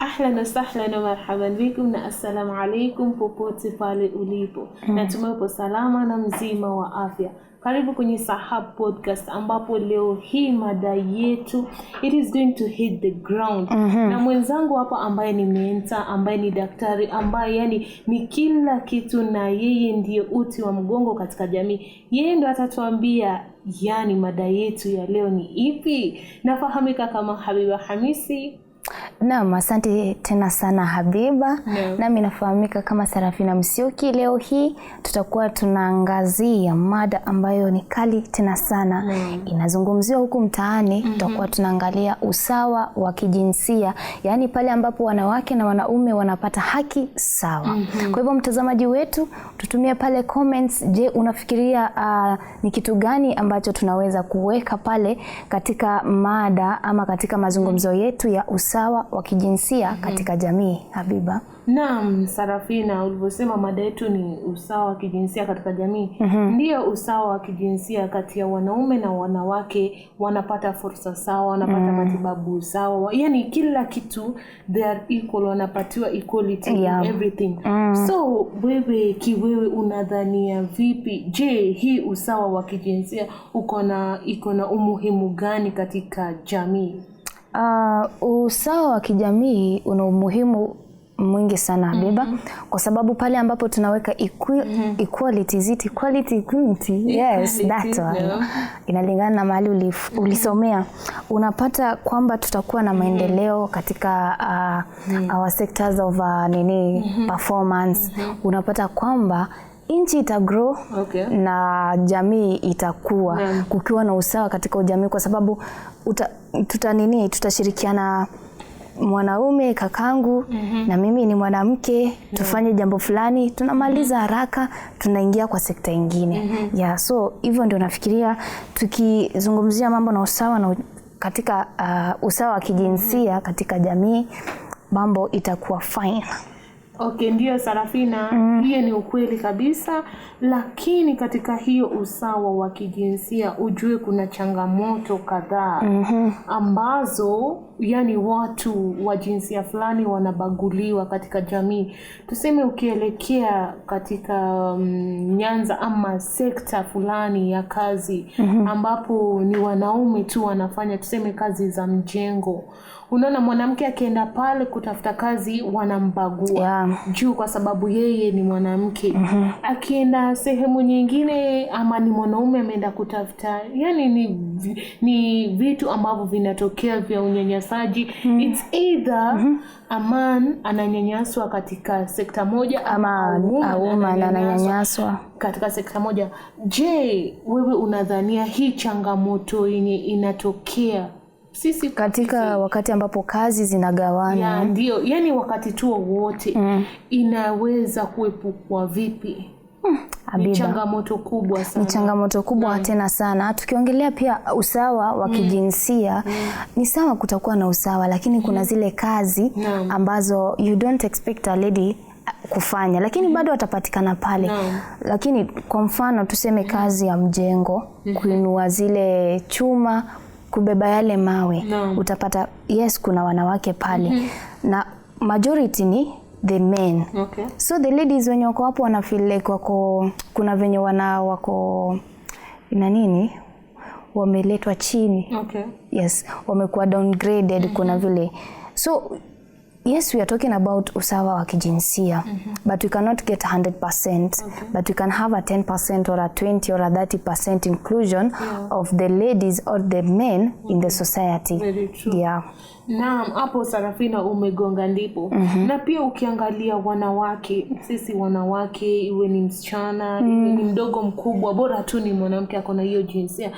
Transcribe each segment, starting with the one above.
Ahlan wasahlan wa marhaban bikum na assalamu alaikum popote pale ulipo mm. Natumai salama na mzima wa afya. Karibu kwenye Sahab Podcast ambapo leo hii mada yetu it is going to hit the ground mm -hmm. Na mwenzangu hapa ambaye ni menta, ambaye ni daktari, ambaye yani ni kila kitu, na yeye ndiye uti wa mgongo katika jamii. Yeye ndo atatuambia yani mada yetu ya leo ni ipi. Nafahamika kama Habiba Hamisi Naam, asante tena sana Habiba. No. Nami nafahamika kama Sarafina Msioki. Leo hii tutakuwa tunaangazia mada ambayo ni kali tena sana. Inazungumziwa huku mtaani. Mm -hmm. Tutakuwa tunaangalia usawa wa kijinsia, yaani pale ambapo wanawake na wanaume wanapata haki sawa. Mm -hmm. Kwa hivyo mtazamaji wetu, tutumie pale comments. Je, unafikiria uh, ni kitu gani ambacho tunaweza kuweka pale katika mada ama katika mazungumzo mhm. yetu ya usawa wa kijinsia mhm. katika jamii Habiba? Naam, Sarafina, ulivyosema mada yetu ni usawa wa kijinsia katika jamii. mm -hmm. Ndiyo, usawa wa kijinsia kati ya wanaume na wanawake, wanapata fursa sawa, wanapata mm. matibabu sawa, yani kila kitu they are equal, wanapatiwa equality yeah. in everything mm. So wewe kiwewe unadhania vipi? Je, hii usawa wa kijinsia uko na iko na umuhimu gani katika jamii? Uh, usawa wa kijamii una umuhimu mwingi sana mhm. Habiba, mm -hmm. Kwa sababu pale ambapo tunaweka equi mm -hmm. equality, equality, equity? Yes, that one inalingana na mahali mm -hmm. ulisomea, unapata kwamba tutakuwa na mhm. maendeleo katika uh, mm -hmm. our sectors of uh, nini mm -hmm. performance mm -hmm. unapata kwamba nchi itagrow okay. na jamii itakuwa yeah. kukiwa na usawa katika ujamii kwa sababu uta, tuta nini tutashirikiana mwanaume kakangu mm -hmm. na mimi ni mwanamke yeah. tufanye jambo fulani tunamaliza mm -hmm. haraka tunaingia kwa sekta ingine mm -hmm. yeah, so hivyo ndio nafikiria tukizungumzia mambo na usawa na katika uh, usawa wa kijinsia mm -hmm. katika jamii mambo itakuwa fine. Okay, ndiyo Sarafina, mm. Hiyo ni ukweli kabisa, lakini katika hiyo usawa wa kijinsia ujue kuna changamoto kadhaa mm -hmm. ambazo yani watu wa jinsia fulani wanabaguliwa katika jamii. Tuseme ukielekea katika um, nyanza ama sekta fulani ya kazi mm-hmm. ambapo ni wanaume tu wanafanya tuseme kazi za mjengo, unaona mwanamke akienda pale kutafuta kazi wanambagua yeah. juu kwa sababu yeye ni mwanamke mm-hmm. akienda sehemu nyingine ama ni mwanaume ameenda kutafuta, yani ni, ni vitu ambavyo vinatokea vya unyanyasa unyanyasaji mm. Mm-hmm. It's either mm -hmm. a man ananyanyaswa katika sekta moja ama woman ananyanyaswa katika sekta moja. Je, wewe unadhania hii changamoto yenye inatokea sisi katika sisi, wakati ambapo kazi zinagawana ya, ndio yani wakati tu wowote mm. inaweza kuepukwa vipi? Hmm, ni changamoto kubwa sana, ni changamoto kubwa mm. tena sana. Tukiongelea pia usawa wa hmm. kijinsia mm. ni sawa, kutakuwa na usawa, lakini hmm. kuna zile kazi mm. ambazo you don't expect a lady uh, kufanya lakini bado watapatikana pale mm. Lakini kwa mfano tuseme kazi ya mjengo mm -hmm. kuinua zile chuma, kubeba yale mawe mm. Utapata yes, kuna wanawake pale mm -hmm. na majority ni the men. Okay. So the ladies wenye wako hapo wana feel like wako kuna venye wana wako na nini wameletwa chini. Okay. Yes, wamekuwa downgraded mm -hmm. kuna mm-hmm. vile so yes we are talking about usawa wa kijinsia mm -hmm. but we cannot get 100% okay. but we can have a 10% or a 20 or a 30% inclusion yeah. of the ladies or the men mm -hmm. in the society Very true. yeah Naam, hapo Sarafina umegonga ndipo. mm -hmm. Na pia ukiangalia wanawake, sisi wanawake, iwe ni msichana mm. ni mdogo mkubwa, bora tu ni mwanamke akona hiyo jinsia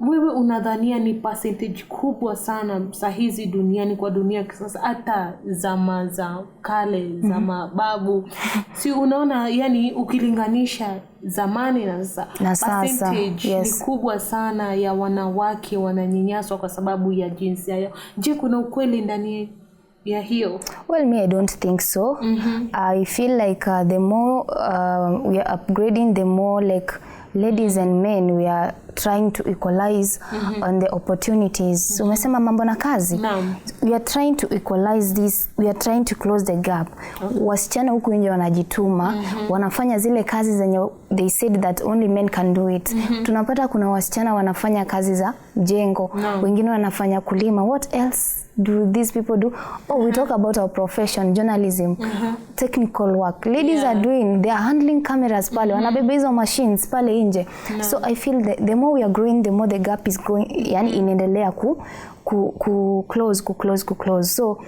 wewe unadhania ni percentage kubwa sana sa hizi duniani kwa dunia kisasa hata zama za kale za mhm. mababu mm-hmm. si unaona yani ukilinganisha zamani na sasa na sasa yes. ni kubwa sana ya wanawake wananyanyaswa kwa sababu ya jinsi yao je kuna ukweli ndani ya hiyo well me i don't think so mm-hmm. i feel like uh, the more uh, we are upgrading the more like ladies and men we are trying to equalize mm -hmm. on the opportunities mm -hmm. Umesema mambo na kazi no. We are trying to equalize this, we are trying to close the gap okay. Wasichana huku nje wanajituma mm -hmm. Wanafanya zile kazi zenye they said that only men can do it mm -hmm. Tunapata kuna wasichana wanafanya kazi za jengo no. Wengine wanafanya kulima. What else do these people do? Oh, uh -huh. we uh-huh. talk about our profession journalism uh -huh. technical work ladies yeah. are doing they are handling cameras pale mm -hmm. Wanabeba hizo machines pale nje no. So I feel the, the more we are growing the more the gap is going yani inaendelea ku, ku, ku close ku close ku close. So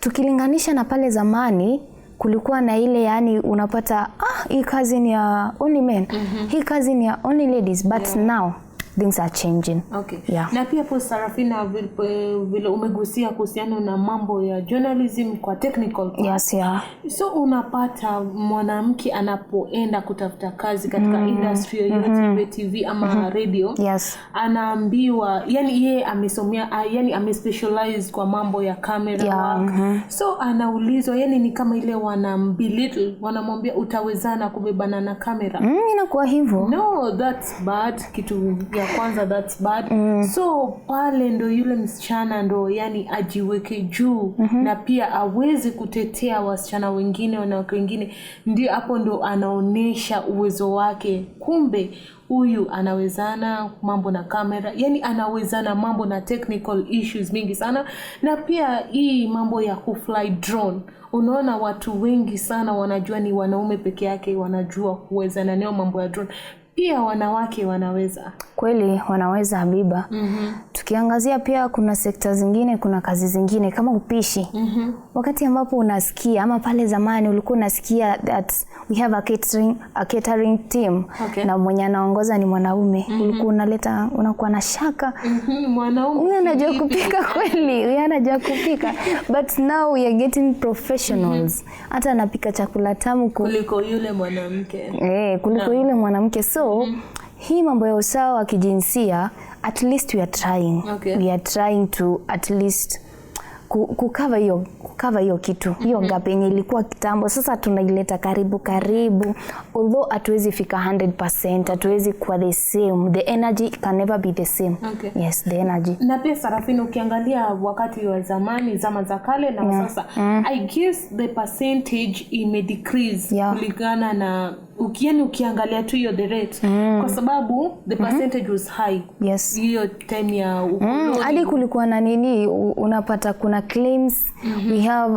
tukilinganisha na pale zamani kulikuwa na ile yani unapata ah, hii kazi ni ya only men, mm -hmm. hii kazi ni ya only ladies but yeah. now things are changing. Okay. Yeah. Na pia po Sarafina vile umegusia kuhusiana na mambo ya journalism kwa technical class. Yes, yeah. So unapata mwanamke anapoenda kutafuta kazi katika mm. industry ya mm -hmm. TV ama mm -hmm. radio. Yes. Anaambiwa yani yeye amesomea ah, yani amespecialize kwa mambo ya camera yeah. work. Mm -hmm. So anaulizwa yani ni kama ile wanambilittle wanamwambia utawezana kubebana na camera Mm, inakuwa hivyo. No, that's bad kitu ya kwanza that's bad mm. so pale ndo yule msichana ndo yani ajiweke juu mm-hmm. na pia awezi kutetea wasichana wengine wanawake wengine ndio hapo ndo anaonyesha uwezo wake kumbe huyu anawezana mambo na kamera yani anawezana mambo na technical issues mingi sana na pia hii mambo ya kufly drone unaona watu wengi sana wanajua ni wanaume peke yake wanajua kuwezana nayo mambo ya drone pia wanawake wanaweza kweli, wanaweza Habiba. mm -hmm. Tukiangazia pia kuna sekta zingine, kuna kazi zingine kama upishi. mm -hmm. Wakati ambapo unasikia ama pale zamani ulikuwa unasikia that we have a catering, a catering team okay. na mwenye anaongoza ni mwanaume. mm -hmm. Ulikuwa unaleta unakuwa na shaka mm -hmm. mwanaume huyu anajua kupika kweli, huyu anajua kupika but now we are getting professionals. mm -hmm. Hata anapika chakula tamu kuliko yule mwanamke eh, kuliko yule mwanamke so so mm -hmm. hii mambo ya usawa wa kijinsia at least we are trying okay. we are trying to at least kukava hiyo kukava hiyo kitu hiyo mm -hmm. gap yenye ilikuwa kitambo, sasa tunaileta karibu karibu, although hatuwezi fika 100%, hatuwezi kuwa the same, the energy can never be the same okay. Yes, the energy. Na pia Sarafina, ukiangalia wakati wa zamani, zama za kale na yeah. Sasa mm. I guess the percentage ime decrease yeah. kulingana na ukiani ukiangalia tu hiyo the rate mm. kwa sababu the mm-hmm. percentage mm -hmm. was high yes hiyo time ya mm. hadi mm. kulikuwa na nini unapata kuna claims mm -hmm. we have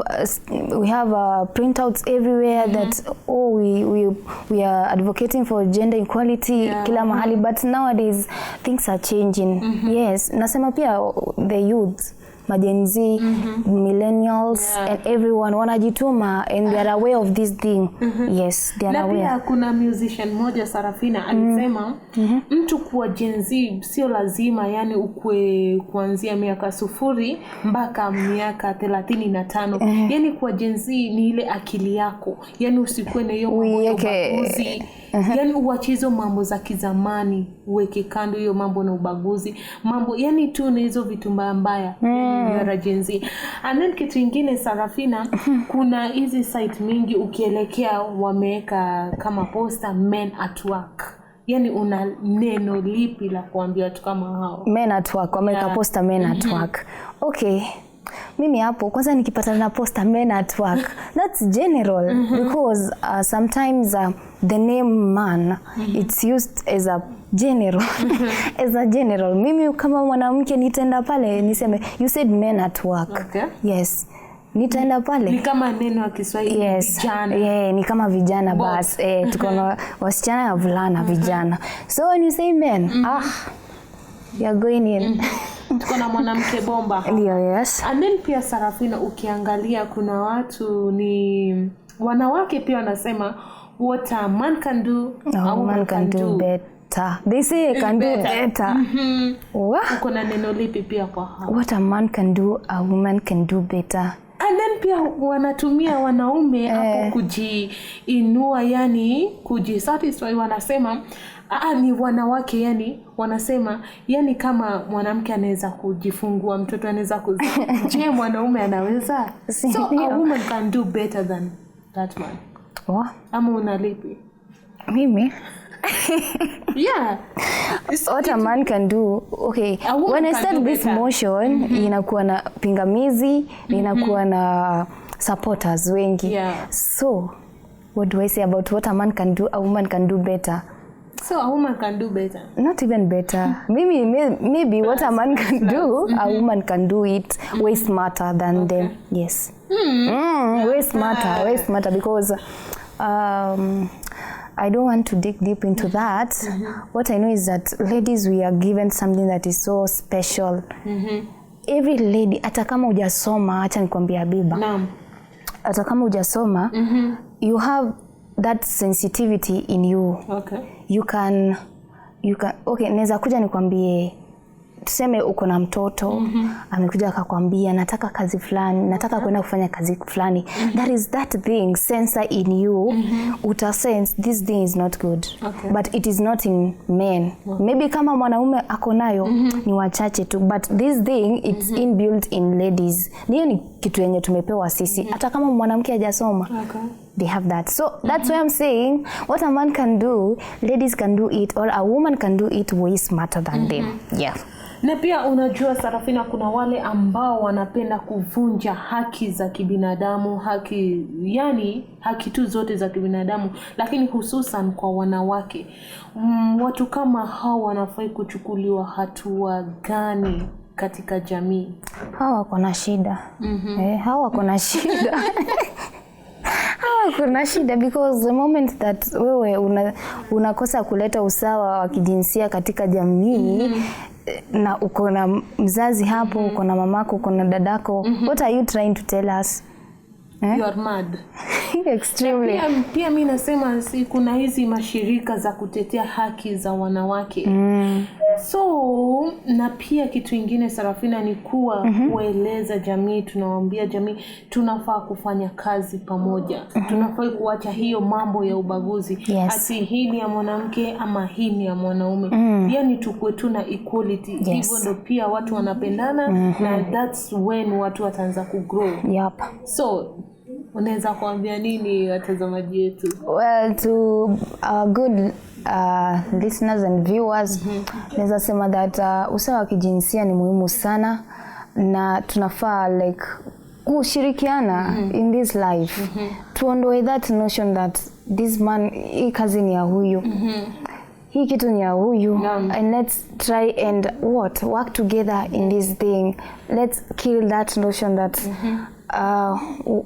uh, we have uh, printouts everywhere mm -hmm. that oh we, we we are advocating for gender equality yeah. kila mahali mm -hmm. but nowadays things are changing mm -hmm. yes nasema pia the youth mm -hmm majenzi mm -hmm. millennials yeah. and everyone wanajituma and they are aware of this thing mm -hmm. yes they are aware. Pia kuna musician mmoja Sarafina alisema mm -hmm. mtu kuwa jenzi sio lazima yani ukwe kuanzia miaka sufuri mpaka miaka thelathini na tano mm -hmm. yani kuwa jenzi ni ile akili yako yani usikue na hiyo mambo ya ubaguzi uh-huh. yani uachizo mambo za kizamani uweke kando hiyo mambo na ubaguzi mambo yani tu na hizo vitu mbaya mbaya mm -hmm nyara Gen And then kitu ingine Sarafina, kuna hizi site mingi ukielekea wameweka kama posta men at work. Yaani una neno lipi la kuambia watu kama hao? Men at work, wameweka yeah. posta men at mm-hmm. work. Okay mimi hapo kwanza nikipata na posta men at work that's general mm -hmm. because uh, sometimes uh, the name man mm -hmm. it's used as a general mhm. as a general mimi kama mwanamke nitaenda pale niseme you said men at work okay. yes nitaenda pale ni kama neno wa Kiswahili yes. vijana yeah, ni kama vijana basi eh, mhm. tuko na wasichana na vulana mhm. vijana so when you say men mm -hmm. ah you're going in mm -hmm. tuko na mwanamke bomba ndio yes and then pia sarafina ukiangalia kuna watu ni wanawake pia wanasema what a man can do no, a woman can, can do, do they say I can better. do better mm-hmm. uko na neno lipi pia kwa hapa what a man can do a woman can do better and then pia wanatumia wanaume hapo eh. kujiinua yani kujisatisfy wanasema Aa, ah, ni wanawake yani wanasema yani kama mwanamke anaweza kujifungua mtoto anaweza kuzaa je mwanaume anaweza so a woman can do better than that man oh. ama unalipi mimi yeah It's, what a man can do okay when i start this better. motion mm -hmm. inakuwa na pingamizi mm-hmm. inakuwa na supporters wengi yeah. so what do i say about what a man can do a woman can do better So a woman can do better. Not even better. maybe maybe what a man can do, mm -hmm. a mm-hmm. woman can do it way mm-hmm. smarter than okay. them. Yes. Mm -hmm. mm, way smarter, way smarter because um, I don't want to dig deep into mm-hmm. that. -hmm. What I know is that ladies we are given something that is so special. Every lady hata kama ujasoma achan nikwambia Habiba. Hata kama hujasoma, you have that sensitivity in you. Okay you can, you can, okay, naweza kuja nikwambie tuseme uko na mtoto mm -hmm. amekuja akakwambia nataka kazi fulani, nataka uh-huh. kwenda kufanya kazi fulani mm -hmm. that is that thing sensor in you mm -hmm. uta sense this thing is not good okay. but it is not in men okay. maybe kama mwanaume ako nayo mm -hmm. ni wachache tu but this thing it's mm -hmm. inbuilt in ladies. Niyo ni kitu yenye tumepewa sisi mm-hmm. hata mm -hmm. kama mwanamke hajasoma okay they have that. So that's mm-hmm. why I'm saying what a man can do, ladies can do it, or a woman can do it way smarter than mm-hmm. them. Yeah. Na pia unajua Sarafina, kuna wale ambao wanapenda kuvunja haki za kibinadamu, haki yani haki tu zote za kibinadamu, lakini hususan kwa wanawake. Mm, watu kama hao wanafai kuchukuliwa hatua gani katika jamii? Hawa wako na shida mm-hmm. Eh, hawa wako na shida kuna shida because the moment that wewe una, unakosa kuleta usawa wa kijinsia katika jamii mm -hmm. na uko na mzazi hapo mm -hmm. uko na mamako uko na dadako mm -hmm. what are you trying to tell us eh? you are mad extremely pia, pia mimi nasema si kuna hizi mashirika za kutetea haki za wanawake mm. So na pia kitu ingine Sarafina, ni kuwa mm -hmm. kueleza jamii, tunawaambia jamii tunafaa kufanya kazi pamoja mm -hmm. tunafaa kuacha hiyo mambo ya ubaguzi yes. ati hii ni ya mwanamke ama hii ni ya mwanaume mm. yani tukue tu na equality hivyo yes. ndo pia watu wanapendana mm -hmm. na that's when watu wataanza kugrow yep. so unaweza kuambia nini watazamaji wetu? Well, to our good uh, listeners and viewers mm -hmm. naweza sema that uh, usawa wa kijinsia ni muhimu sana na tunafaa like kushirikiana mm -hmm. in this life mm -hmm. tuondoe that notion that this man hii kazi ni ya huyu mm -hmm hii kitu ni ya huyu no. and let's try and what work together in this thing let's kill that notion that mm -hmm uh,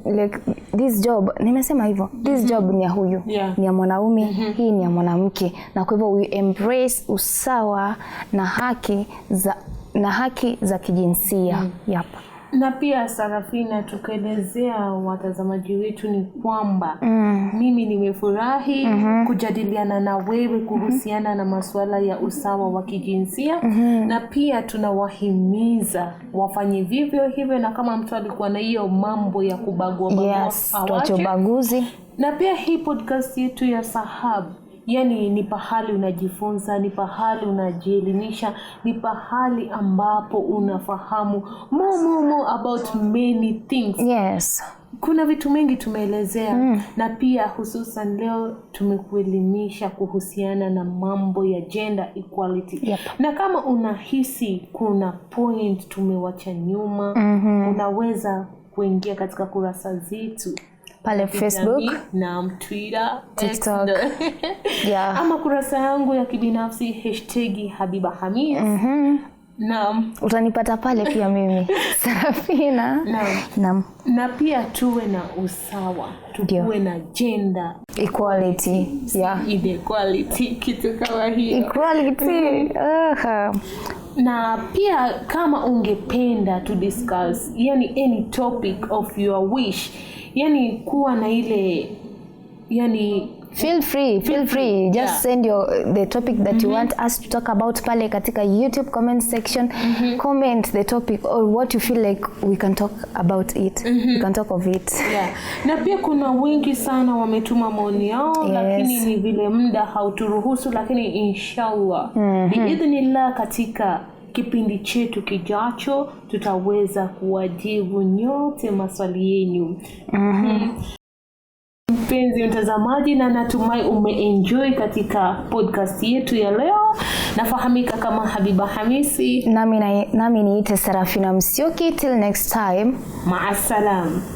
like this job nimesema hivyo this mm -hmm. job ni ya huyu yeah. ni ya mwanaume mm -hmm. hii ni ya mwanamke, na kwa hivyo we embrace usawa na haki za na haki za kijinsia mm. Yapa na pia Sarafina, tukaelezea watazamaji wetu ni kwamba mm. mimi nimefurahi mm -hmm. kujadiliana na wewe kuhusiana mm -hmm. na masuala ya usawa wa kijinsia mm -hmm. na pia tunawahimiza wafanye vivyo hivyo, na kama mtu alikuwa na hiyo mambo ya kubagua yes, ubaguzi. Na pia hii podcast yetu ya sahabu yani ni pahali unajifunza, ni pahali unajielimisha, ni pahali ambapo unafahamu more, more, more about many things. Yes. Kuna vitu mengi tumeelezea mm. Na pia hususan leo tumekuelimisha kuhusiana na mambo ya gender equality yep. Na kama unahisi kuna point tumewacha nyuma mm -hmm. Unaweza kuingia katika kurasa zetu pale Facebook na Twitter, TikTok. yeah. ama kurasa yangu ya kibinafsi hashtag Habiba Hamis mm -hmm. Naam, utanipata pale pia mimi Sarafina. Naam. Naam. Na pia tuwe na usawa, tuwe na gender equality, yeah, equality, kitu kama hiyo equality. uh mm-hmm. -huh na pia kama ungependa to discuss yani any topic of your wish yani kuwa na ile yani feel free, feel feel free. Just yeah. send your the topic that mm -hmm. you mm-hmm. want us to talk about pale katika YouTube comment section mm -hmm. comment the topic or what you feel like we can talk about it mm -hmm. we can talk of it yeah. Na pia kuna wengi sana wametuma maoni yao yes. Lakini ni vile muda hauturuhusu, lakini inshallah mm -hmm. biidhnillah katika kipindi chetu kijacho tutaweza kuwajibu nyote maswali yenu. mm -hmm. Mpenzi mtazamaji, na natumai umeenjoy katika podcast yetu ya leo. Nafahamika kama Habiba Hamisi, nami niite sarafina Msioki. Till next time, maasalam.